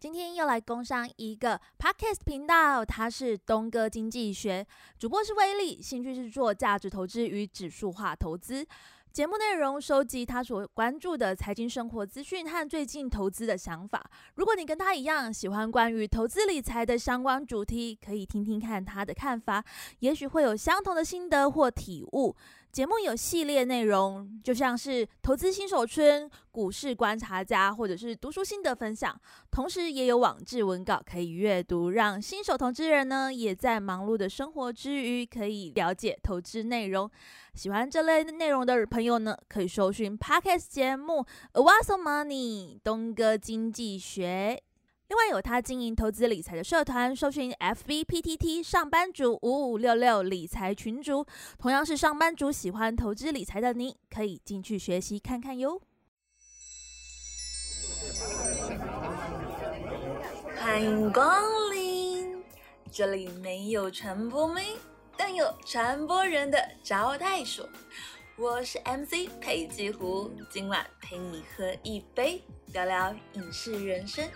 今天又來工商一個 podcast 頻道，他是東哥經濟學，主播是威力，興趣是做價值投資與指數化投資。節目內容收集他所關注的財經生活資訊和最近投資的想法。如果你跟他一樣喜歡關於投資理財的相關主題，可以聽聽看他的看法，也許會有相同的心得或體悟。節目有系列內容，就像是投資新手村、股市觀察家，或者是讀書心得分享。同時也有網誌文稿可以閱讀，讓新手投資人呢也在忙碌的生活之餘，可以了解投資內容。喜歡這類內容的朋友呢，可以搜尋 Podcast 節目《A Wa So Money》東哥經濟學。另外有他經營投資理財的社團，搜尋 F V P T T 上班族五五六六理財群主，同樣是上班族喜歡投資理財的您，可以進去學習看看喲。歡迎光臨，這裡沒有傳播咩，但有傳播人的招待所。我是 M C 珮姬狐，今晚陪你喝一杯，聊聊影視人生。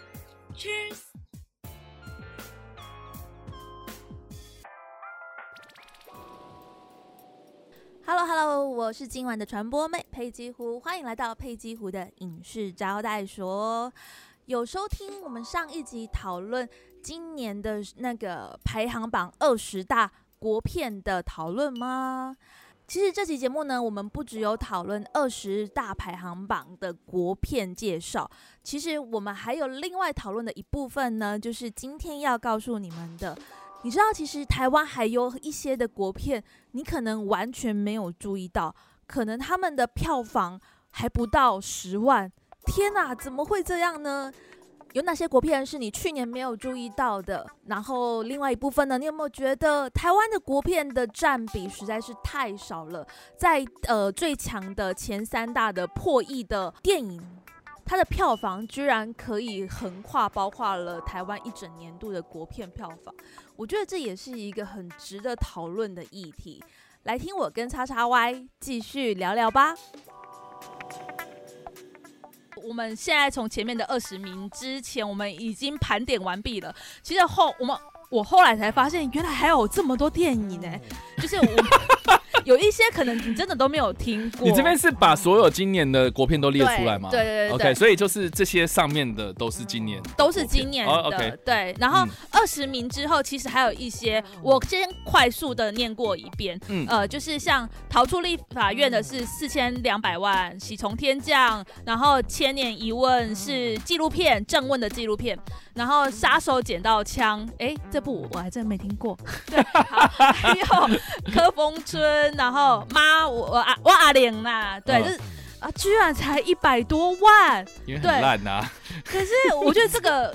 Cheers！Hello，Hello，我是今晚的傳播妹珮姬狐，歡迎來到珮姬狐的影視招待所。有收聽我們上一集討論今年的那個排行榜二十大國片的討論嗎？其實這期節目呢，我們不只有討論二十大排行榜的國片介紹，其實我們還有另外討論的一部分呢，就是今天要告訴你們的。你知道，其實台灣還有一些的國片，你可能完全沒有注意到，可能他們的票房還不到十萬。天啊，怎麼會這樣呢？有哪些國片是你去年沒有注意到的？然後另外一部分呢，你有沒有覺得台灣的國片的占比實在是太少了？在呃最強的前三大的破億的電影，它的票房居然可以橫跨包括了台灣一整年度的國片票房。我覺得這也是一個很值得討論的議題。來聽我跟 XXY 繼續聊聊吧。我們現在從前面的二十名之前，我們已經盤點完畢了。其實後我們我後來才發現，原來還有這麼多電影呢、欸，就是我。 有一些可能你真的都沒有聽過。你這邊是把所有今年的國片都列出來嗎？對，對對對。OK，所以就是這些上面的都是今年，都是今年的。哦 okay、對，然後二十名之後其實還有一些，嗯、我先快速的念過一遍。嗯。呃，就是像逃出立法院的是四千兩百萬，喜從、嗯、天降，然後千年一問是紀錄片，嗯、鄭問的紀錄片，然後殺手撿到槍，哎、欸，這部我還真沒聽過。 對好，還有柯風春。 然後媽，我阿我,我阿玲吶，對，嗯、就是啊，居然才一百多萬，因為很爛、啊、對 可是我覺得這個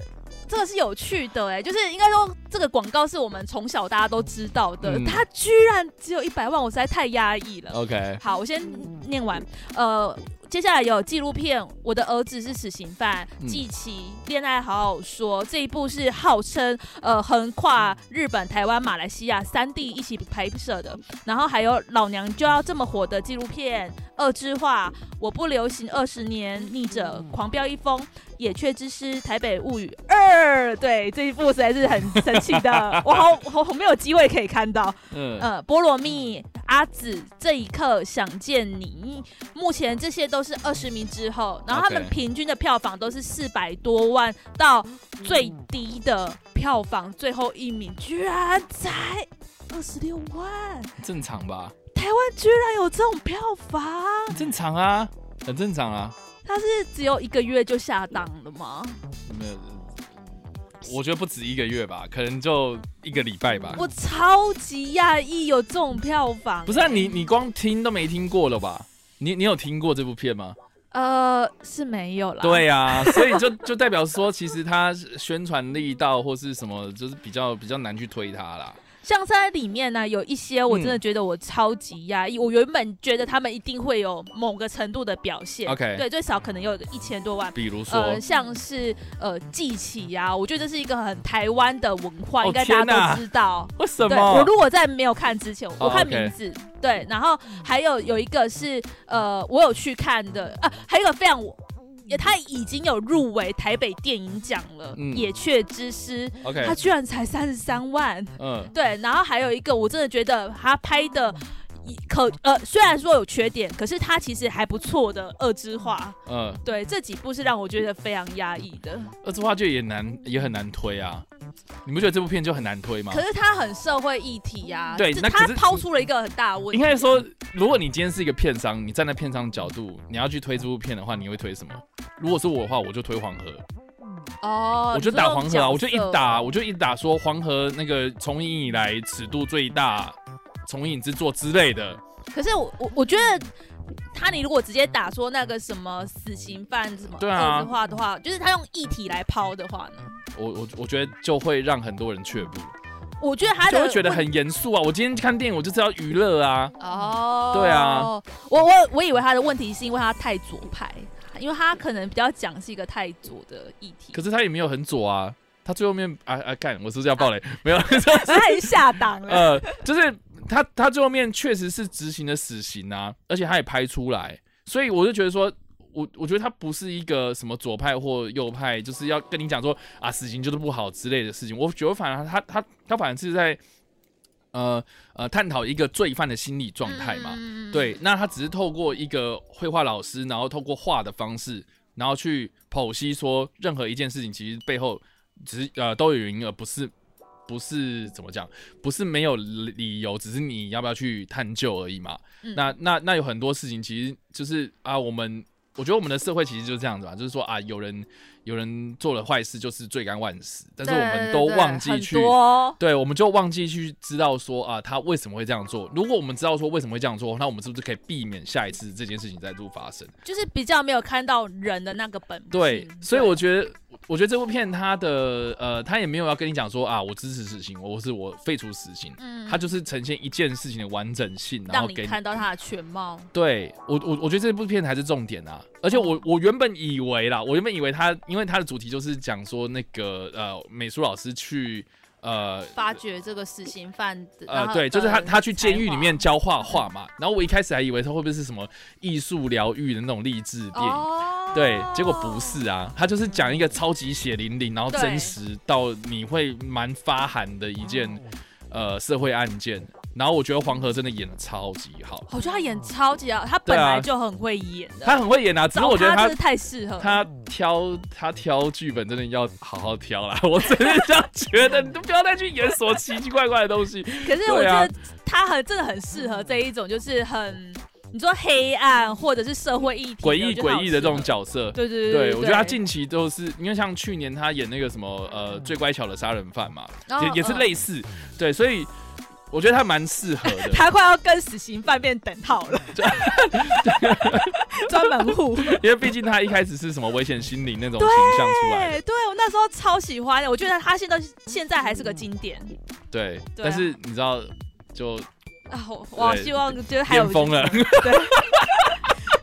這個是有趣的哎，就是應該說這個廣告是我們從小大家都知道的，嗯、它居然只有一百萬，我實在太壓抑了。OK，好，我先念完，呃。接下來有紀錄片《我的兒子是死刑犯》，嗯，《繼起戀愛好好說》這一部是號稱呃橫跨日本、台灣、馬來西亞三地一起拍攝的，然後還有《老娘就要這麼火》的紀錄片。惡之畫，我不流行二十年，嗯、逆者狂飆一封野雀之詩，嗯、也台北物語二、呃，對這一部實在是很神奇的， 我好我好,好,好沒有機會可以看到。嗯、呃，菠蘿蜜阿紫、啊、這一刻想見你，目前這些都是二十名之後，然後他們平均的票房都是四百多萬，到最低的票房最後一名居然才二十六萬，正常吧？台灣居然有這種票房，正常啊，很正常啊。它是只有一個月就下檔了嗎？嗯，沒有，我覺得不止一個月吧，可能就一個禮拜吧。我超級訝異有這種票房欸。不是啊，你，你光聽都沒聽過了吧？你你有聽過這部片嗎？呃，是沒有啦。對呀，啊，所以就就代表說，其實它宣傳力道或是什麼，就是比較比較難去推它啦。像在裡面呢、啊，有一些我真的覺得我超級壓抑。嗯、我原本覺得他們一定會有某個程度的表現，Okay. 對，最少可能有一千多萬。比如說，呃，像是呃，記起呀，我覺得這是一個很台灣的文化，oh, 應該大家都知道。啊、為什麼？對，我如果在沒有看之前，oh, 我看名字，okay. 對，然後還有有一個是呃，我有去看的啊，還有一個非常。也，他已經有入圍台北電影獎了，嗯《野雀之詩》，Okay. 他居然才三十三萬。嗯、呃，對。然後還有一個，我真的覺得他拍的可呃，雖然說有缺點，可是他其實還不錯的《惡之畫》，嗯、呃，對，這幾部是讓我覺得非常壓抑的。《惡之畫》就也難，也很難推啊。你不覺得這部片就很難推嗎？可是它很社會議題啊，對，是那拋出了一個很大問題。應該說，如果你今天是一個片商，你站在片商的角度，你要去推這部片的話，你會推什麼？如果是我的話，我就推黃河。嗯、哦，我就打黃河，啊，我就一打，我就一打，說黃河那個從影以，以來尺度最大，重影之作之類的。可是我我我覺得他，你如果直接打說那個什麼死刑犯什麼的，對啊，話的話，就是他用議題來拋的話呢？我我我覺得就會讓很多人卻步，我覺得他就會覺得很嚴肅啊！我今天看電影，我就是要娛樂啊！哦、oh，對啊，我我我以為他的問題是因為他太左派，因為他可能比較講是一個太左的議題。可是他也沒有很左啊，他最後面啊啊，幹、啊、我是不是要爆雷？啊、沒有，太 下檔了。呃，就是他他最後面確實是執行的死刑啊，而且他也拍出來，所以我就覺得說。我我覺得他不是一個什麼左派或右派，就是要跟你講說啊，死刑就是不好之類的事情。我覺得反而他他他反而是在呃呃探討一個罪犯的心理狀態嘛。嗯、對，那他只是透過一個繪畫老師，然後透過畫的方式，然後去剖析說任何一件事情其實背後只是呃都有原因，而不是不是怎麼講，不是沒有理由，只是你要不要去探究而已嘛。嗯、那那那有很多事情其實就是啊我們。我覺得我們的社會其實就是這樣子吧，就是說啊，有人。有人做了壞事就是罪該萬死，對對對，但是我們都忘記去對，對，對、哦、對，我們就忘記去知道說啊，他為什麼會這樣做？如果我們知道說為什麼會這樣做，那我們是不是可以避免下一次這件事情再度發生？就是比較沒有看到人的那個本質。對，對，所以我覺得，我覺得這部片他的呃，他也沒有要跟你講說啊，我支持死刑，我是我廢除死刑，他、嗯、就是呈現一件事情的完整性，然後給你看到它的全貌。對我，我、嗯、我覺得這部片才是重點啊。而且我我原本以為啦，我原本以為他，因為他的主題就是講說那個呃美術老師去呃發掘這個死刑犯呃的對，就是他他去監獄裡面教畫畫嘛。對然後我一開始還以為他會不會是什麼藝術療癒的那種勵志電影，oh、對，結果不是啊，他就是講一個超級血淋淋，然後真實到你會蠻發寒的一件、oh、呃社會案件。然後我覺得黃河真的演的超級好，我覺得他演超級好，他本來就很會演的、啊，他很會演啊。只是我覺得他，他真的太適合他挑他挑劇本真的要好好挑啦。 我真的這樣覺得，你都不要再去演什麼奇奇怪怪的東西。 可是我覺得他很真的很適合這一種，就是很你說黑暗或者是社會議題詭異詭異的這種角色，就是對，對，對，對我覺得他近期都是因為像去年他演那個什麼呃最乖巧的殺人犯嘛，也、哦、也是類似、呃、對，所以。我覺得他蠻適合的，他快要跟死刑犯變等號了，專門護，因為畢竟他一開始是什麼危險心靈那種形象出來，對，對我那時候超喜歡的，我覺得他現在現在還是個經典，對，但是你知道就，我希望就是還有了，對，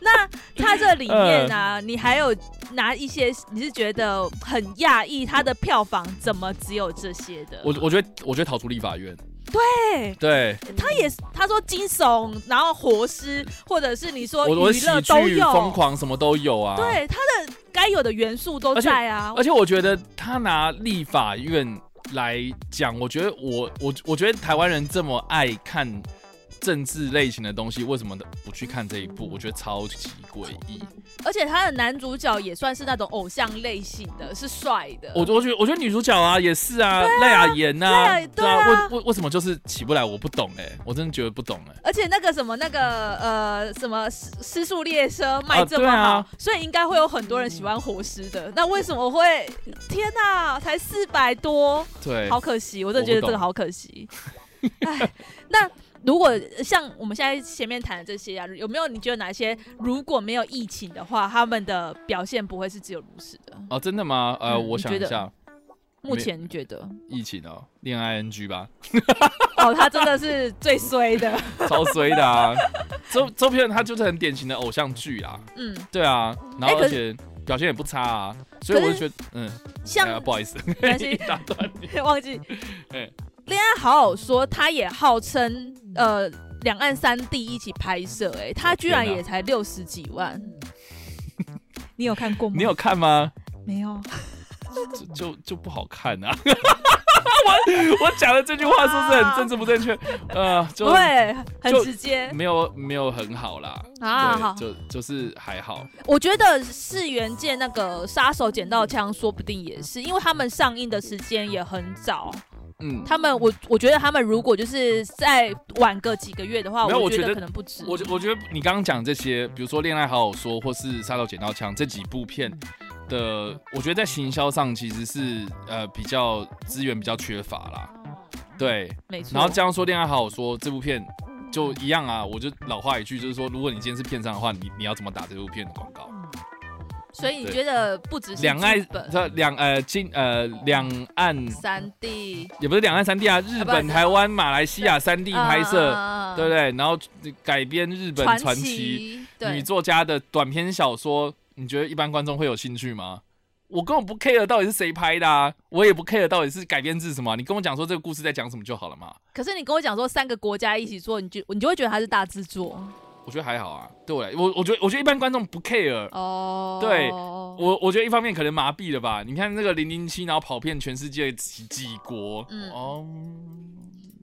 那他這裡面呢，你還有拿一些你是覺得很訝異他的票房怎麼只有這些的？我我覺得我覺得逃出立法院。對對，對他也他說驚悚，然後活屍，或者是你說娛樂都有，瘋狂什麼都有啊。對，他的該有的元素都在啊，而而且我覺得他拿立法院來講，我覺得我我我覺得台灣人這麼愛看政治類型的東西為什麼不去看這一部？嗯、我覺得超級詭異，而且他的男主角也算是那種偶像類型的，是帥的。我我覺得，我覺得女主角啊也是啊，賴啊，雅妍吶、啊啊，對啊。我，我為什麼就是起不來？我不懂哎、欸，我真的覺得不懂哎、欸。而且那個什麼那個呃什麼屍屍速列車賣這麼好，啊啊、所以應該會有很多人喜歡活屍的。嗯、那為什麼會？天哪、啊，才四百多，對，好可惜，我真的覺得這個好可惜。哎，那。如果像我們現在前面談的這些啊，有沒有你覺得哪些如果沒有疫情的話，他們的表現不會是只有如此的？哦，真的嗎？呃，嗯、我想一下，目前你覺得疫情哦，戀愛 N G 吧。哦，他真的是最衰的， 超衰的啊！周周片他就是很典型的偶像劇啊。嗯，對啊，然後而且表現也不差啊，欸、所以我就覺得，嗯，像、哎……不好意思，沒關係 打斷你，忘記。欸《戀愛好好說》，他也號稱呃，兩岸三地一起拍攝，哎，他居然也才六十幾萬，天啊、 你有看過嗎？你有看嗎？沒有， 就就，就不好看啊！ 我我講的這句話是不是很政治不正確？啊、 呃，就對，很直接，沒有沒有很好啦啊，對好就就是還好。我覺得《世元借》那個殺手撿到槍，說不定也是，因為他們上映的時間也很早。嗯，他們我我覺得他們如果就是再晚個幾個月的話，沒有，我覺得可能不止。我覺我覺得你剛剛講這些，比如說《戀愛好好說》或是《殺手撿到槍》這幾部片的，我覺得在行銷上其實是呃比較資源比較缺乏啦。對，沒錯錯。然後這樣說《戀愛好好說》這部片就一樣啊，我就老話一句，就是說如果你今天是片商的話，你你要怎麼打這部片的廣告？所以你覺得不只是兩岸，兩、嗯、呃金呃兩岸三地，也不是兩岸三地啊，日本、啊、台灣、馬來西亞三地拍攝，對不、嗯嗯嗯、對，對，對？然後改編日本傳奇，奇，對，女作家的短篇小說，你覺得一般觀眾會有興趣嗎？我根本不 care 到底是誰拍的，啊，我也不 care 到底是改編自什麼，你跟我講說這個故事在講什麼就好了嘛。可是你跟我講說三個國家一起做，你就你就會覺得它是大製作。我覺得還好啊，對我，我覺得我覺得一般觀眾不 care 哦，對我，我覺得一方面可能麻痹了吧。你看那個零零七，然後跑遍全世界幾幾國，嗯、哦，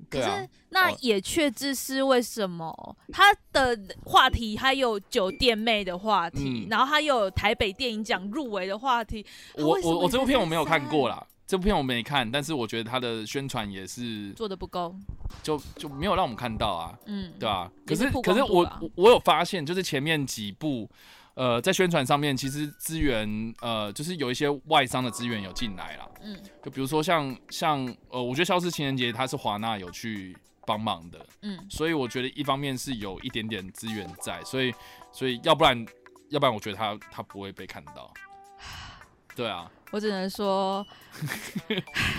對啊，那也確實是為什麼、哦、他的話題還有酒店妹的話題，嗯、然後還有台北電影獎入圍的話題，我我我這部片我沒有看過啦。這部片我沒看，但是我覺得他的宣傳也是做得不夠，就就沒有讓我們看到啊，嗯，對吧、啊？可是，是、啊、可是我我，我有發現，就是前面幾部，呃，在宣傳上面其實資源，呃，就是有一些外商的資源有進來啦，嗯，就比如說像像呃，我覺得《消失情人節》他是華納有去幫忙的，嗯，所以我覺得一方面是有一點點資源在，所以所以要不然要不然我覺得他他不會被看到，唉對啊。我只能說，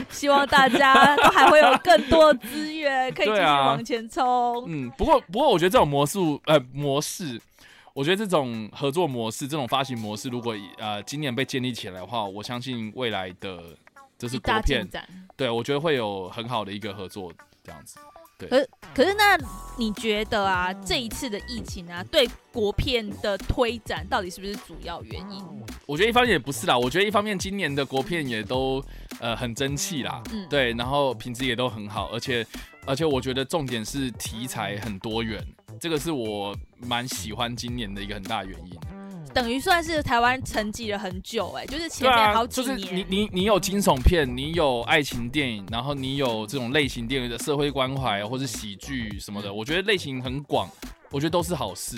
希望大家都還會有更多資源 可以繼續往前衝，啊。嗯，不過不過，我覺得這種模式呃模式，我覺得這種合作模式，這種發行模式，如果呃今年被建立起來的話，我相信未來的就是國片一大進展，對，我覺得會有很好的一個合作這樣子。可是，可是那你覺得啊，這一次的疫情啊，對國片的推展到底是不是主要原因？我覺得一方面也不是啦，我覺得一方面今年的國片也都呃很爭氣啦，嗯，對，然後品質也都很好，而且而且我覺得重點是題材很多元，這個是我蠻喜歡今年的一個很大原因。等於算是台灣沉寂了很久、欸，哎，就是前面好幾年。啊、就是你你你有驚悚片，你有愛情電影，然後你有這種類型電影的社會關懷或者喜劇什麼的，我覺得類型很廣，我覺得都是好事。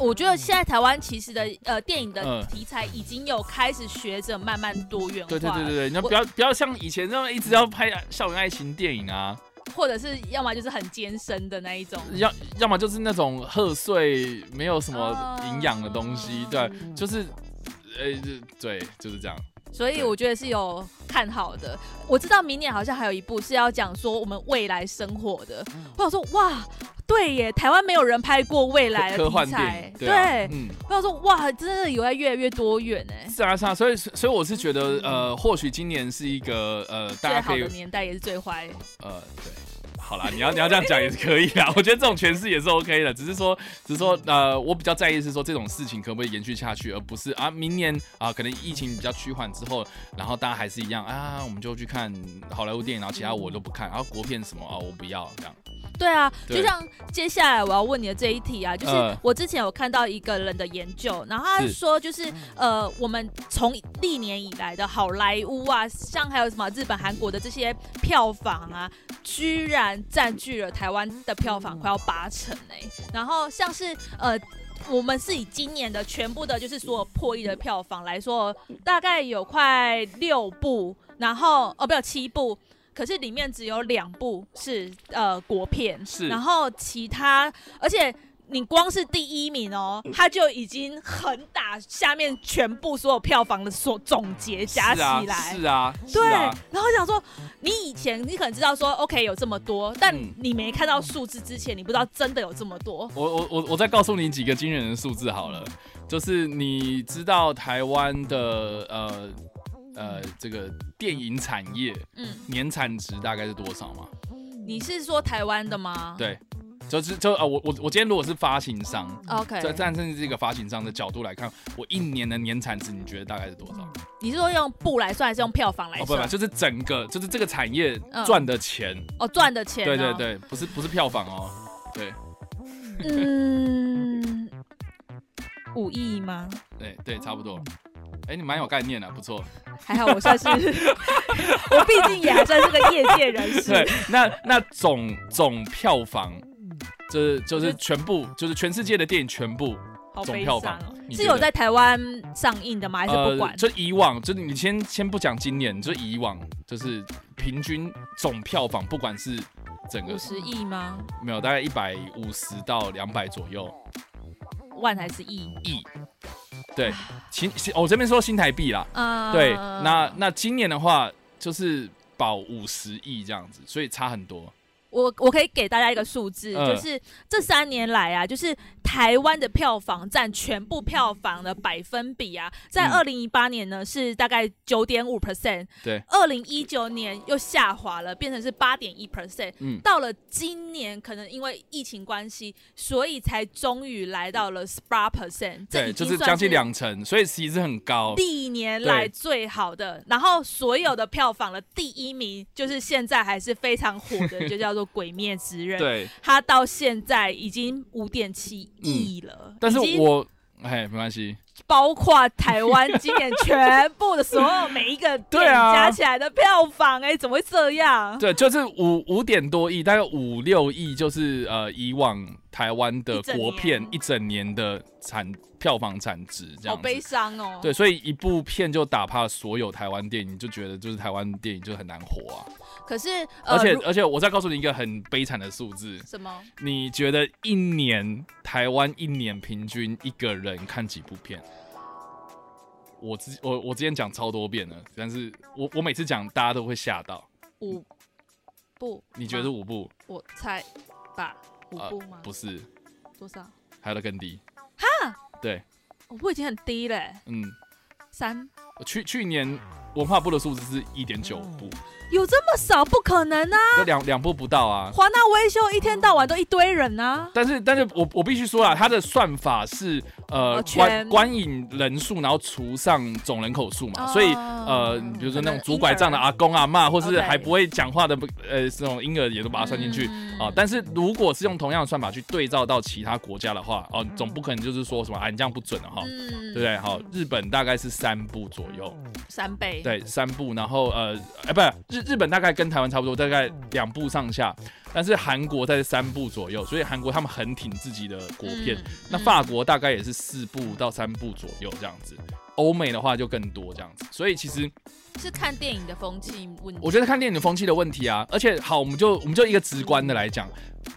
我覺得現在台灣其實的呃電影的題材已經有開始學着慢慢多元化、嗯。對對對對對，你要不要我不要像以前那麼一直要拍校園愛情電影啊？或者是要麼就是很艱深的那一種，要要麼就是那種賀歲沒有什麼營養的東西，呃、對，嗯、就是，呃、欸，對，就是這樣。所以我覺得是有看好的。對我知道明年好像還有一部是要講說我們未來生活的。我想說，哇，對耶，台灣沒有人拍過未來的科幻對、啊。我、嗯、想說，哇，真的有在越來越多元呢。是啊，是啊，所以所以我是覺得，呃，或許今年是一個呃，大家可以最好的年代也是最壞，呃，對。好啦，你要你要這樣講也是可以啊， 我覺得這種詮釋也是 OK 的，只是說只是說呃，我比較在意是說這種事情可不可以延續下去，而不是啊明年啊可能疫情比較趨緩之後，然後大家還是一樣啊，我們就去看好萊塢電影，然後其他我都不看，然後國片什麼啊，我不要這樣。對啊，對就像接下來我要問你的這一題啊，就是我之前有看到一個人的研究，呃、然後他說就是，是呃，我們從歷年以來的好萊塢啊，像還有什麼日本、韓國的這些票房啊，居然佔據了台灣的票房快要八成哎、欸。嗯、然後像是呃，我們是以今年的全部的就是所有破億的票房來說，大概有快六部，然後哦，不要七部。可是裡面只有兩部是呃國片，是，然後其他，而且你光是第一名哦，他就已經很打下面全部所有票房的所總結加起來，是啊，是啊對。啊，然後想說，你以前你可能知道說 OK 有這麼多，但你沒看到數字之前，你不知道真的有這麼多。我我我我再告訴你幾個驚人的數字好了，就是你知道台灣的呃。呃，這個電影產業，嗯，年產值大概是多少嗎？你是說台灣的嗎？對，就是就啊、呃，我我我今天如果是發行商，OK，站在甚至是這個發行商的角度來看，我一年的年產值你覺得大概是多少？你是說用布來算還是用票房來算？哦，不，不不，就是整個就是這個產業賺的錢、嗯哦、的錢哦，賺的錢，對對對，不是不是票房哦，對，嗯，五億 嗎？對對，差不多。哎、欸，你蠻有概念的，啊，不錯。還好我算是， 我畢竟也還算是個業界人士。對，那那總總票房，這、就是、就是全部，就是全世界的電影全部總票房好、啊，你是有在台灣上映的嗎？還是不管？這、呃、以往就是你先先不講今年，就以往就是平均總票房，不管是整個市場，五十億嗎？沒有，大概一百五十到兩百左右萬還是億？億。對，新新我、哦、這邊說新台幣啦，uh、對，那那今年的話就是保五十億這樣子，所以差很多。我我可以給大家一個數字，呃、就是這三年來啊，就是台灣的票房佔全部票房的百分比啊，在二零一八年呢、嗯、是大概九點五 percent，對，二零一九年又下滑了，變成是八點一 percent，嗯，到了今年可能因為疫情關係，所以才終於來到了十八 percent，對，就是將近兩成，所以其實很高，歷年來最好的，對對然後所有的票房的第一名就是現在還是非常火的，就叫做鬼滅之刃，對，他到現在已經五點七億了，嗯。但是我，哎，沒關係。包括台灣今年全部的所有每一個對加起來的票房，哎、啊欸，怎麼會這樣？對，就是五五點多億，大概五六億，就是呃以往。台灣的國片一整年、嗯、一整年的產票房產值這樣，好悲傷哦。對，所以一部片就打趴所有台灣電影，就覺得就是台灣電影就很難活啊。可是，而、呃、且而且，如而且我再告訴你一個很悲慘的數字。什麼？你覺得一年台灣一年平均一個人看幾部片？我之我我之前講超多遍了，但是我我每次講大家都會嚇到。五部？你覺得五部？我猜吧。五嗎、呃？不是，多少？還有個更低？哈？對，五已經很低嘞、欸。嗯，三。去去年文化部的數字是一點九部，嗯，有這麼少？不可能啊！兩兩部不到啊！華納威秀一天到晚都一堆人啊！但是，但是我我必須說啊，他的算法是呃全觀觀影人數，然後除上總人口數嘛，嗯，所以呃，比如說那種拄拐杖的阿公阿嬤或是還不會講話的不，嗯、呃這種嬰兒也都把它算進去啊，嗯呃。但是如果是用同樣的算法去對照到其他國家的話，哦，呃，總不可能就是說什麼啊，呃、你這樣不準的哈，對不、嗯，對？好，日本大概是三部左右。左右三倍，對三部。然後呃，哎、欸，不是日日本，大概跟台灣差不多，大概兩部上下，但是韓國在三部左右，所以韓國他們很挺自己的國片。嗯嗯、那法國大概也是四部到三部左右這樣子，歐美的話就更多這樣子。所以其實是看電影的風氣問題，我覺得看電影的風氣的問題啊。而且好，我們就我們就一個直觀的來講，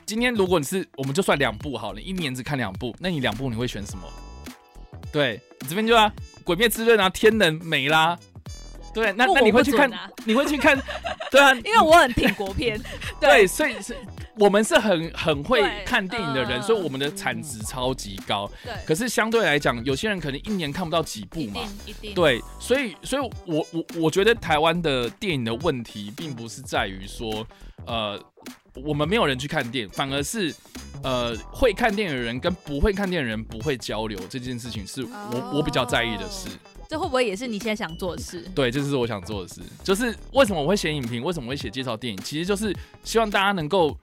今天如果你是，我們就算兩部好了，一年只看兩部，那你兩部你會選什麼？對，這邊就啊，鬼滅之刃啊，天能沒啦，對，那那、啊、你會去看，你會去看，對啊，因為我很挺國片， 對，對，對，所以是我們是很很會看電影的人，呃、所以我們的產值超級高，對、嗯，可是相對來講，有些人可能一年看不到幾部嘛，一定，一定對，所以，所以我我我覺得台灣的電影的問題，並不是在於說，呃。我們沒有人去看電影，反而是，呃，會看電影的人跟不會看電影的人不會交流這件事情，是我我比較在意的事。哦，這會不會也是你現在想做的事？對，這、就是我想做的事。就是為什麼我會寫影評，為什麼我會寫介紹電影，其實就是希望大家能夠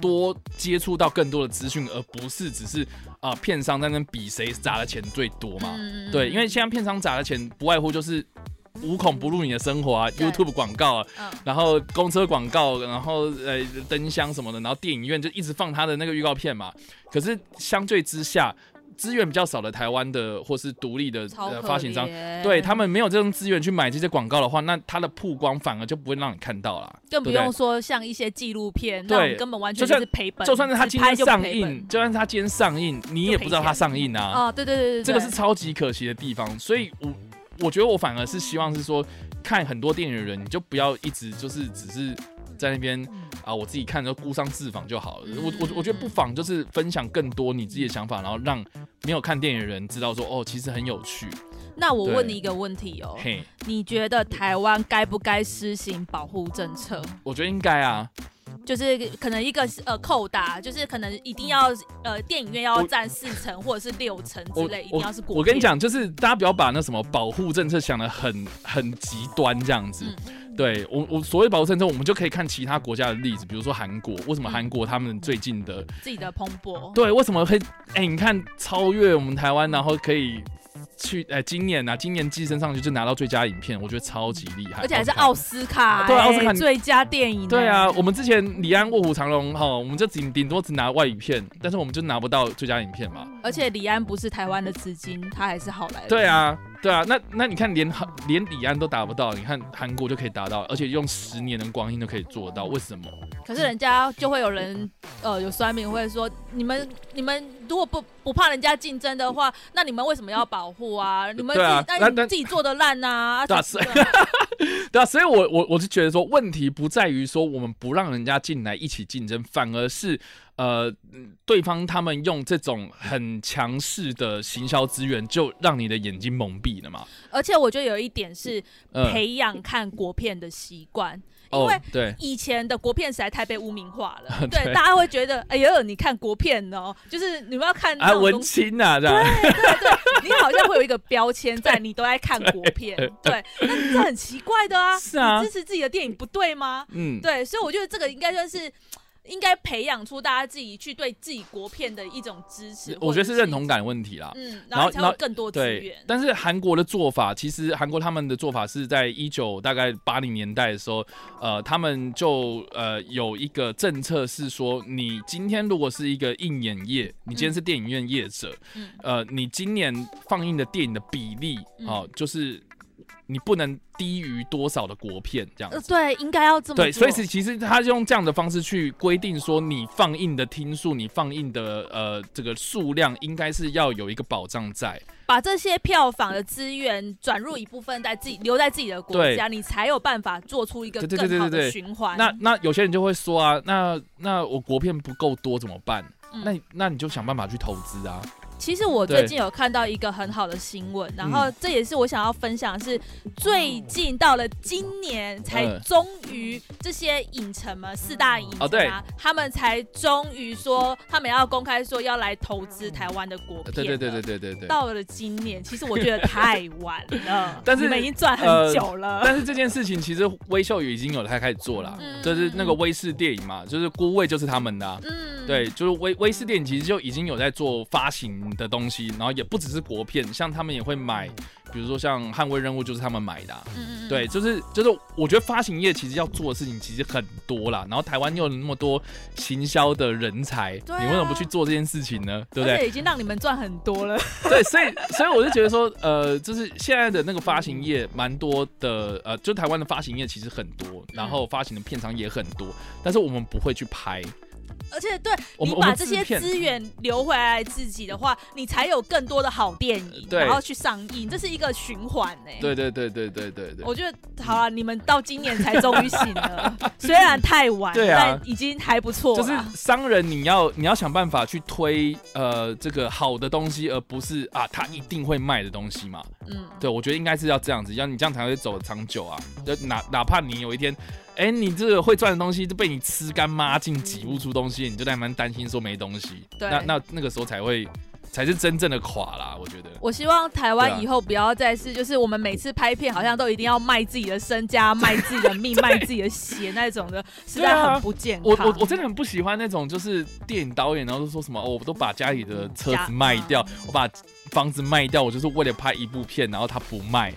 多接觸到更多的資訊，而不是只是啊、呃、片商在跟比誰砸的錢最多嘛。嗯、對，因為現在片商砸的錢不外乎就是。無孔不入，你的生活啊對，YouTube 廣告啊，嗯，然後公車廣告，然後呃燈箱什麼的，然後電影院就一直放他的那個預告片嘛。可是相對之下，資源比較少的台灣的或是獨立的發行商，對他們沒有這種資源去買這些廣告的話，那他的曝光反而就不會讓你看到了，更不用說像一些紀錄片，對，那根本完全就是賠本就算。就算是他今天上映，就算是他今天上映，你也不知道他上映啊。哦，對對對對對，這個是超級可惜的地方，所以我。嗯我覺得我反而是希望是說，看很多電影的人，你就不要一直就是只是在那邊啊，我自己看之後孤芳自賞就好了。我我我覺得不妨就是分享更多你自己的想法，然後讓沒有看電影的人知道說，哦，其實很有趣。那我問你一個問題哦、喔，對 hey, 你覺得台灣該不該施行保護政策？我覺得應該啊。就是可能一個呃扣打，就是可能一定要呃電影院要占四成或者是六成之類，一定要是國。我跟你講，就是大家不要把那什麼保護政策想得很很極端這樣子。嗯、對我我所謂保護政策，我們就可以看其他國家的例子，比如說韓國，為什麼韓國他們最近的、嗯嗯、自己的蓬勃？對，為什麼會哎、欸？你看超越我們台灣，然後可以。去誒、哎，今年啊，今年寄生上流就，就拿到最佳影片，我覺得超級厲害，而且還是奧斯卡，對，奧斯卡最佳電影。對啊，我們之前李安臥虎藏龍哈，我們就頂頂多只拿外語片，但是我們就拿不到最佳影片嘛。而且李安不是台灣的資金，他還是好萊塢。對啊，對啊，那那你看連韓連李安都達不到，你看韓國就可以達到，而且用十年的光陰都可以做到，為什麼？可是人家就會有人呃有酸民會說，你們你們。如果不不怕人家競爭的話，那你們為什麼要保護啊？嗯、你們自己、嗯啊、那你自己做的爛吶？對啊，所以我我我是覺得說，問題不在於說我們不讓人家進來一起競爭，反而是呃，對方他們用這種很強勢的行銷資源，就讓你的眼睛蒙蔽了嘛。而且我覺得有一點是培養看國片的習慣。嗯因為對以前的國片實在太被污名化了，哦、對，對大家會覺得哎呦你看國片哦，就是你們要看那種啊文青吶這樣，對對， 你好像會有一個標籤在，對你都愛看國片，對，對對那這很奇怪的啊，是啊，你支持自己的電影不對嗎？嗯，對，所以我覺得這個應該算、就是。應該培養出大家自己去對自己國片的一種支持，我覺得是認同感問題啦。嗯，然後然後更多資源。但是韓國的做法，其實韓國他們的做法是在一九大概八零年代的時候，呃，他們就呃有一個政策是說，你今天如果是一個映演業，你今天是電影院業者，呃，你今年放映的電影的比例，呃，就是。你不能低於多少的國片這樣？呃，對，應該要這麼做。對，所以其實他用這樣的方式去規定說，你放映的廳數，你放映的呃這個數量，應該是要有一個保障在。把這些票房的資源轉入一部分在自己留在自己的國家，你才有辦法做出一個更好的循環。那那有些人就會說啊，那那我國片不夠多怎麼辦？那那你就想辦法去投資啊。其實我最近有看到一個很好的新聞，對然後這也是我想要分享的是，是、嗯、最近到了今年才終於這些影城嘛，嗯、四大影城啊，啊、哦、他們才終於說他們要公開說要來投資台灣的國片。對對對對對對對。到了今年，其實我覺得太晚了， 但是已經賺很久了、呃。但是這件事情其實威秀已經有在開始做了、啊，嗯、就是那個威視電影嘛，就是孤味就是他們的、啊，嗯，對，就是威威視電影其實就已經有在做發行。的東西，然後也不只是國片，像他們也會買，比如說像《捍衛任務》就是他們買的、啊，嗯嗯，對，就是就是，我覺得發行業其實要做的事情其實很多啦。然後台灣又有那麼多行銷的人才，啊、你為什麼不去做這件事情呢？對不對？已經讓你們賺很多了。 對，所以所以我就覺得說，呃，就是現在的那個發行業蠻多的，呃，就台灣的發行業其實很多，然後發行的片場也很多，但是我們不會去拍。而且對們你把這些資源留回來自己的話，你才有更多的好電影，對然後去上映，這是一個循環呢、欸。對對對對對對，對，對我覺得好啊，嗯、你們到今年才終於醒了， 雖然太晚， 但已經還不錯。就是商人，你要你要想辦法去推呃這個好的東西，而不是啊他一定會賣的東西嘛。嗯，對，我覺得應該是要這樣子，要你這樣才會走得長久啊。就哪哪怕你有一天。哎，欸、你這個會賺的東西都被你吃乾抹淨，擠不出東西，你就在蠻擔心說沒東西。那那那個時候才會，才是真正的垮啦。我覺得。我希望台灣對、啊、以後不要再是，就是我們每次拍片好像都一定要賣自己的身家、賣自己的命、對 賣自己的血那種的，實在對 很不健康我。我我真的很不喜歡那種，就是電影導演，然後都說什麼、哦，我都把家裡的車子賣掉，嗎我把房子賣掉，我就是為了拍一部片，然後他不賣，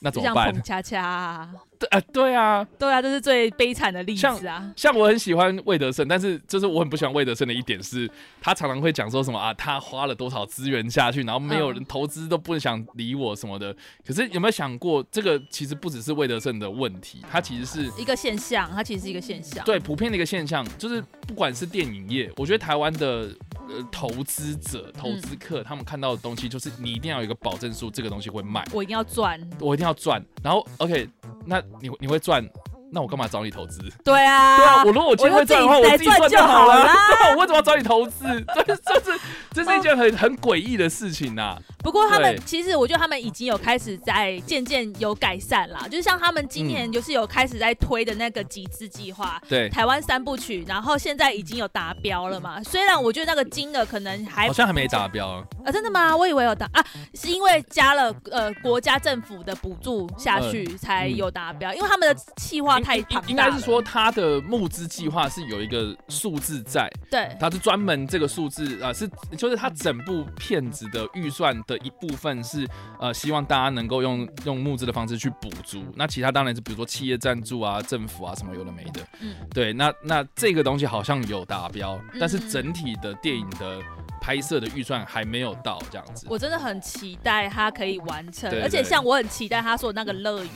那怎麼辦？恰恰、啊。對啊，對啊，對啊，這、就是最悲慘的例子啊。像，像我很喜歡魏德聖，但是就是我很不喜歡魏德聖的一點是，他常常會講說什麼啊，他花了多少資源下去，然後沒有人投資，都不想理我什麼的。可是有沒有想過，這個其實不只是魏德聖的問題，它其實是一個現象，它其實是一個現象，對，普遍的一個現象，就是不管是電影業，我覺得台灣的。呃，投資者、投資客，嗯、他們看到的東西就是你一定要有一個保證書，這個東西會賣。我一定要賺，我一定要賺。然後，OK，那你你會賺，那我幹嘛找你投資？對啊，對啊，我如果我今天會賺的話，我自己賺就好了。 我為什麼要找你投資？這、 就是、這、就是、這是一件很很詭異的事情吶、啊。不過他們對其實，我覺得他們已經有開始在漸漸有改善了。就是像他們今年就是有開始在推的那個集資計劃，嗯、對台灣三部曲，然後現在已經有達標了嘛？雖然我覺得那個金額可能還好像還沒達標啊，啊，真的嗎？我以為有達啊，是因為加了呃國家政府的補助下去才有達標，嗯、因為他們的計劃太龐大應應。應該是說他的募資計劃是有一個數字在，對，他是專門這個數字啊、呃，是就是他整部片子的預算的。一部分是呃，希望大家能夠用用募資的方式去補足，那其他當然是比如說企業贊助啊、政府啊什麼有的沒的，嗯，對。那那這個東西好像有達標，嗯嗯，但是整體的電影的拍攝的預算還沒有到這樣子。我真的很期待他可以完成，對對對，而且像我很期待他說的那個樂園，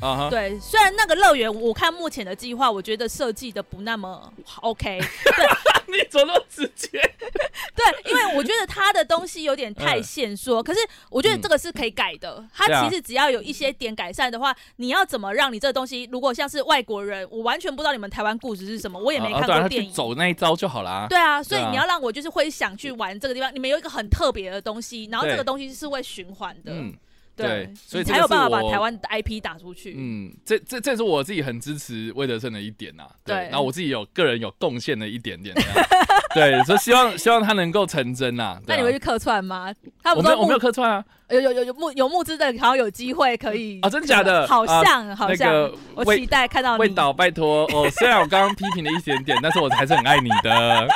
嗯 uh huh、對，雖然那個樂園我看目前的計劃，我覺得設計的不那麼 OK。 對 你走那麼直接， 對，因為我覺得他的東西有點太限縮。嗯、可是我覺得這個是可以改的，嗯、他其實只要有一些點改善的話，嗯、你要怎麼讓你這個東西，如果像是外國人，我完全不知道你們台灣故事是什麼？我也沒看過電影。哦哦啊、他走那一招就好了。對啊，所以你要讓我就是會想去玩這個地方，嗯、你們有一個很特別的東西，然後這個東西是會循環的。對，所以才有辦法把台灣 IP 打出去。嗯，這這這是我自己很支持魏德聖的一點吶。對，然後我自己有個人有貢獻的一點點。對，所以希望希望他能夠成真吶。那你會去客串嗎？他們說我沒有客串啊，有有有有募有募資的，然後有機會可以啊，真的假的？好像好像，我期待看到你魏導拜托我。雖然我剛剛批評了一點點，但是我還是很愛你的。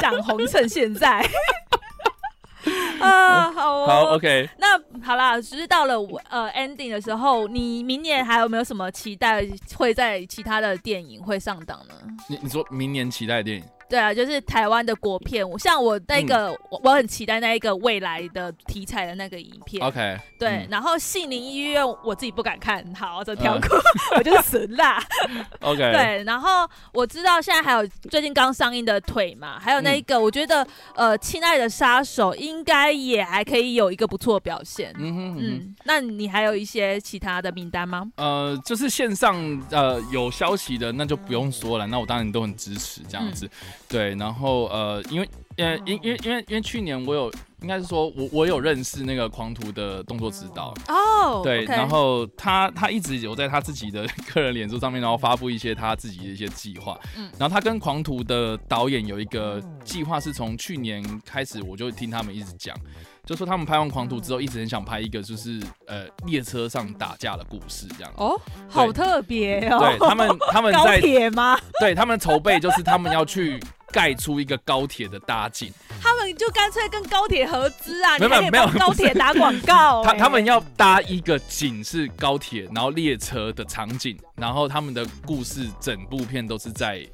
想紅趁現在。啊， uh, 好，哦、好，好那，OK。那好啦，只、就是到了呃 ending 的時候，你明年還有沒有什麼期待會在其他的電影會上檔呢？你你說明年期待的電影？對啊，就是台灣的國片，我像我那個，我很期待那一個未來的題材的那個影片。OK。對，然後《杏林醫院》我自己不敢看。好，這條褲，我就死啦。OK。對，然後我知道現在還有最近剛上映的《腿》嘛，還有那一個，我覺得呃，《親愛的殺手》應該也還可以有一個不錯表現。嗯哼，那你還有一些其他的名單嗎？呃，就是線上呃有消息的，那就不用說了。那我當然都很支持這樣子。對，然後呃，因為因為因因因為因為，因為去年我有應該是說我我有認識那個狂徒的動作指導哦，oh, okay. 對，然後他他一直有在他自己的個人臉書上面，然後發佈一些他自己的一些計劃，嗯，然後他跟狂徒的導演有一個計劃是從去年開始，我就聽他們一直講，就是、說他們拍完狂徒之後，一直很想拍一個就是呃列車上打架的故事這樣，oh, 對哦，好特別哦，對他們他們，他們在高鐵嗎？對，他們籌備就是他們要去。 蓋出一個高鐵的搭景，他們就乾脆跟高鐵合資啊，我你還可以幫高鐵打廣告。他 他們要搭一個景是高鐵，然後列車的場景，然後他們的故事整部片都是在。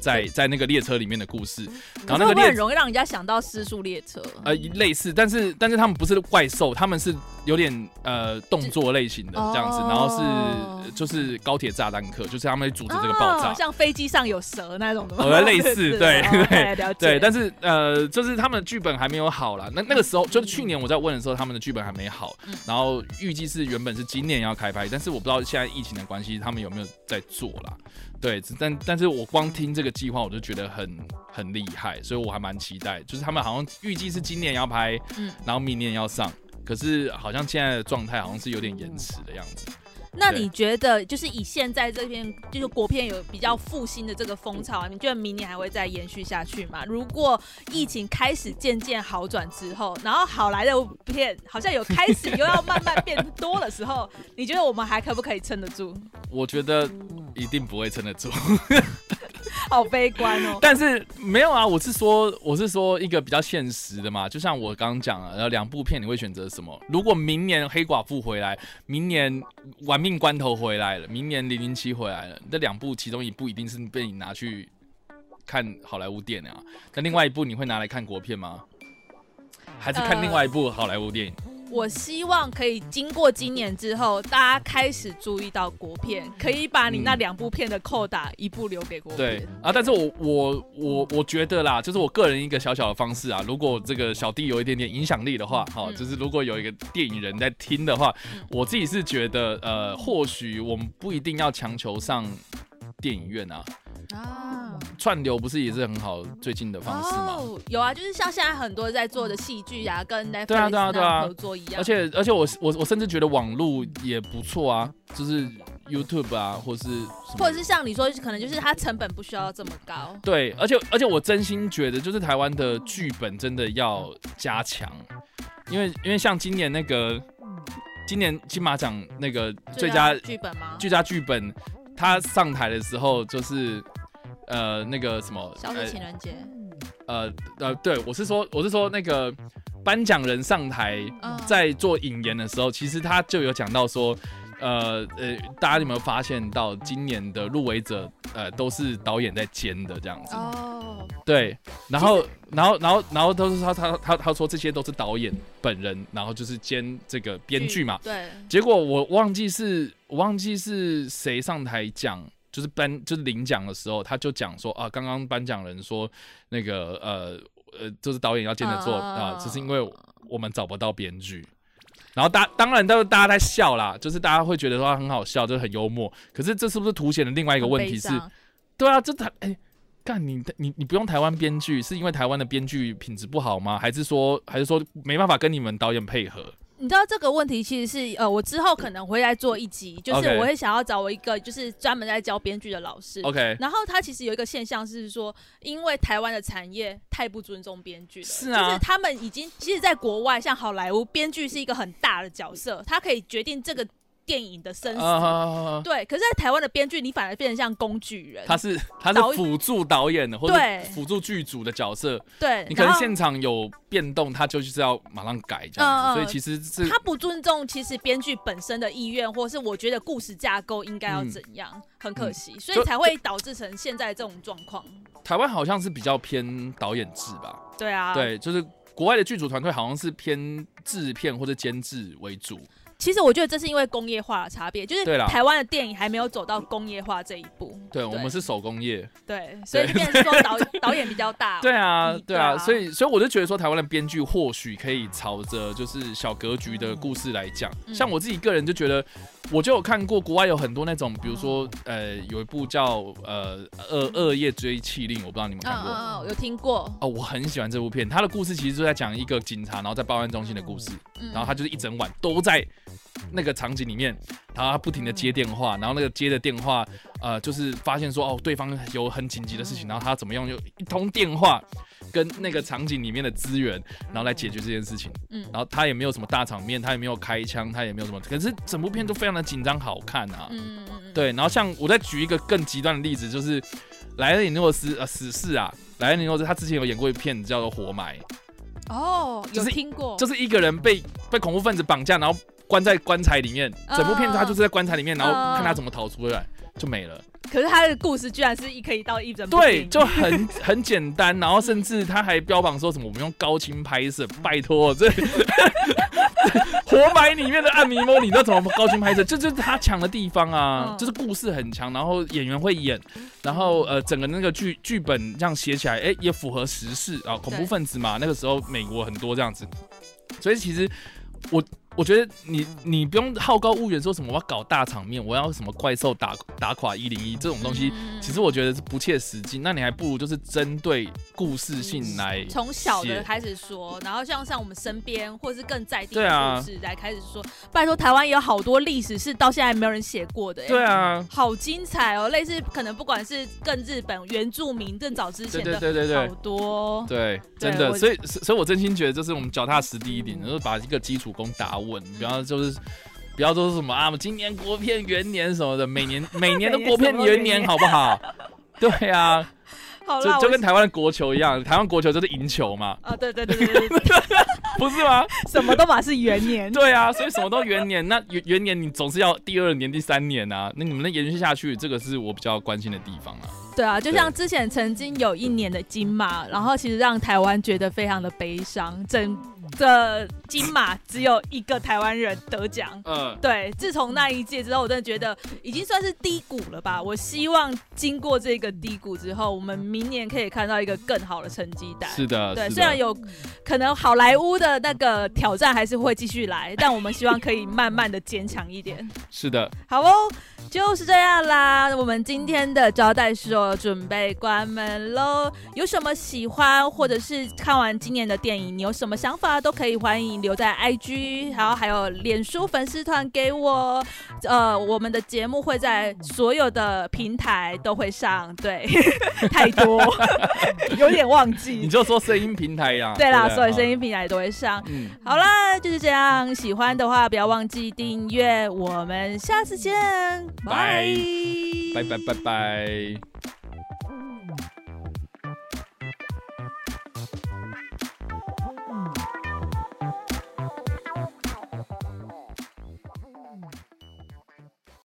在在那個列車裡面的故事，然後那個你很容易讓人家想到屍速列車。嗯、呃，類似，但是但是他們不是怪獸，他們是有點呃動作類型的這樣子，哦、然後是就是高鐵炸彈客，就是他們組織這個爆炸，哦、像飛機上有蛇那種的，呃，類似，對對、哦哎、對，但是呃，就是他們的劇本還沒有好啦，那那個時候就去年我在問的時候，他們的劇本還沒好，然後預計是原本是今年要開拍，但是我不知道現在疫情的關係，他們有沒有在做啦。對，但但是我光聽這個計劃，我就覺得很很厲害，所以我還蠻期待。就是他們好像預計是今年要拍，然後明年要上，可是好像現在的狀態好像是有點延遲的樣子。那你覺得，就是以現在這片就是國片有比較復興的這個風潮啊，你覺得明年還會再延續下去嗎？如果疫情開始漸漸好轉之後，然後好萊塢片好像有開始又要慢慢變多的時候， 你覺得我們還可不可以撐得住？我覺得一定不會撐得住。 好悲觀哦！ 但是沒有啊，我是說，我是說一個比較現實的嘛。就像我剛剛講了，然後兩部片你會選擇什麼？如果明年黑寡婦回來，明年玩命關頭回來了，明年零零七回來了，那兩部其中一部一定是被你拿去看好萊塢電影啊。那另外一部你會拿來看國片嗎？還是看另外一部好萊塢電影？Uh 我希望可以經過今年之後，大家開始注意到國片，可以把你那兩部片的扣打一部留給國片。嗯、對啊，但是我我我我覺得啦，就是我個人一個小小的方式啊。如果這個小弟有一點點影響力的話，好、嗯哦，就是如果有一個電影人在聽的話，嗯、我自己是覺得，呃，或許我們不一定要強求上電影院啊。啊，oh, 串流不是也是很好最近的方式嗎？Oh, 有啊，就是像現在很多在做的戲劇啊，跟 Netflix 對啊對啊對啊合作一樣。啊啊啊、而且而且我我我甚至覺得網路也不錯啊，就是 YouTube 啊，或是或者是像你說，可能就是它成本不需要這麼高。對，而且而且我真心覺得，就是台灣的劇本真的要加強，因為因為像今年那個，今年金馬獎那個最佳劇本嗎？最佳劇本，他上台的時候就是。呃，那個什麼，呃、消失的情人節。呃呃，對我是說，我是說那個頒獎人上台在做引言的時候，嗯、其實他就有講到說，呃呃，大家有沒有發現到今年的入圍者，呃，都是導演在兼的這樣子。哦、嗯。對，然後然後然後然後都是他他他他說這些都是導演本人，然後就是兼這個編劇嘛。對。結果我忘記是，我忘記是誰上台講。就是頒就是領獎的時候，他就講說，啊，剛剛頒獎人說那個呃呃，就是導演要兼著做啊，啊，只是因為我，我們找不到編劇。然後大當然，都是大家在笑啦，就是大家會覺得說很好笑，就是很幽默。可是這是不是凸顯了另外一個問題是？對啊，這台哎，幹、欸、你你你不用台灣編劇，是因為台灣的編劇品質不好嗎？還是說，還是說沒辦法跟你們導演配合？你知道這個問題其實是，呃，我之後可能會再做一集，就是 Okay. 我會想要找我一個就是專門在教編劇的老師。OK，然後他其實有一個現象是說，因為台灣的產業太不尊重編劇了，是啊，就是他們已經其實在國外像好萊塢，編劇是一個很大的角色，他可以決定這個。電影的生死、呃、對，可是，在台灣的編劇，你反而變成像工具人。他是他是輔助導演的，或者輔助劇組的角色。對，你可能現場有變動，然後，他就就是要馬上改這樣子。呃、所以其實是他不尊重其實編劇本身的意願，或是我覺得故事架構應該要怎樣，嗯、很可惜，嗯、所以才會導致成現在這種狀況。台灣好像是比較偏導演制吧？對啊，對，就是國外的劇組團隊好像是偏制片或者監製為主。其實我覺得這是因為工業化的差別，就是台灣的電影還沒有走到工業化這一步。對，我們是手工業。對，所以變說導導演比較大。對啊，對啊，所以所以我就覺得說，台灣的編劇或許可以朝着就是小格局的故事來講。像我自己個人就覺得，我就有看過國外有很多那種，比如說呃，有一部叫呃《惡惡夜追氣令》，我不知道你們看過。沒有聽過。哦。我很喜歡這部片，它的故事其實就在講一個警察然後在報案中心的故事，然後他就是一整晚都在。那個場景裡面，然後他不停的接電話，嗯、然後那個接的電話，呃，就是發現說哦，對方有很緊急的事情，嗯、然後他怎麼樣，就一通電話，跟那個場景裡面的資源，嗯、然後來解決這件事情。嗯，然後他也沒有什麼大場面，他也沒有開槍，他也沒有什麼，可是整部片都非常的緊張，好看啊。嗯嗯嗯。對，然後像我再舉一個更極端的例子，就是萊恩雷諾斯，呃，死侍啊，萊恩雷諾斯他之前有演過一片子叫做《活埋》，哦，就是聽過，就是一個人被被恐怖分子綁架，然後。關在棺材裡面，整部片子他就是在棺材裡面，oh, 然後看他怎麼逃出來，oh. 就沒了。可是他的故事居然是一可以到一整部，對，就很很簡單。 然後甚至他還標榜說什麼我們用高清拍攝，拜托，這 活埋裡面的暗迷摸你都怎麼不高清拍攝？這就，就是他強的地方啊，oh. 就是故事很強，然後演員會演，然後呃，整個那個劇劇本這樣寫起來，哎、欸，也符合時事啊，恐怖分子嘛，對那個時候美國很多這樣子，所以其實我。我覺得你你不用好高騖遠，說什麼我要搞大場面，我要什麼怪獸打打垮一零一這種東西，嗯、其實我覺得是不切實際。那你還不如就是針對故事性來，從小的開始說，然後像像我們身邊或是更在地的故事來開始說。拜托、啊，台灣也有好多歷史是到現在還沒有人寫過的，對啊、欸，好精彩哦。類似可能不管是更日本原住民更早之前的，對對對對，對，對好多，對，真的，所以所以，所以我真心覺得就是我們腳踏實地一點，嗯、就是把一個基礎功打。穩，不要就是，不要說什麼啊？今年國片元年什麼的，每年每年的國片元年，好不好？對啊，好了啦，就跟台灣的國球一樣， 台灣國球就是贏球嘛。啊，對對對，對， 不是嗎？什麼都馬是元年， 對啊，所以什麼都元年，那元元年你總是要第二年、第三年啊，那你們能延續下去，這個是我比較關心的地方啊。對啊，就像之前曾經有一年的金馬，對然後其實讓台灣覺得非常的悲傷，整。這金馬只有一個台灣人得獎，嗯、呃，對。自從那一屆之後，我真的覺得已經算是低谷了吧。我希望經過這個低谷之後，我們明年可以看到一個更好的成績單。是的，對。是的。雖然有可能好萊塢的那個挑戰還是會繼續來，但我們希望可以慢慢的堅強一點。是的，好哦，就是這樣啦。我們今天的招待所準備關門嘍。有什麼喜歡或者是看完今年的電影，你有什麼想法？都可以，歡迎留在 IG，然後還有臉書粉絲團給我，呃，我們的節目會在所有的平台都會上，對， 太多， 有點忘記，你就說聲音平台呀， 對啦，對啊，所有聲音平台都會上。嗯，好了，就是這樣，喜歡的話不要忘記訂閱，我們下次見，拜拜拜拜拜拜。Bye bye bye bye bye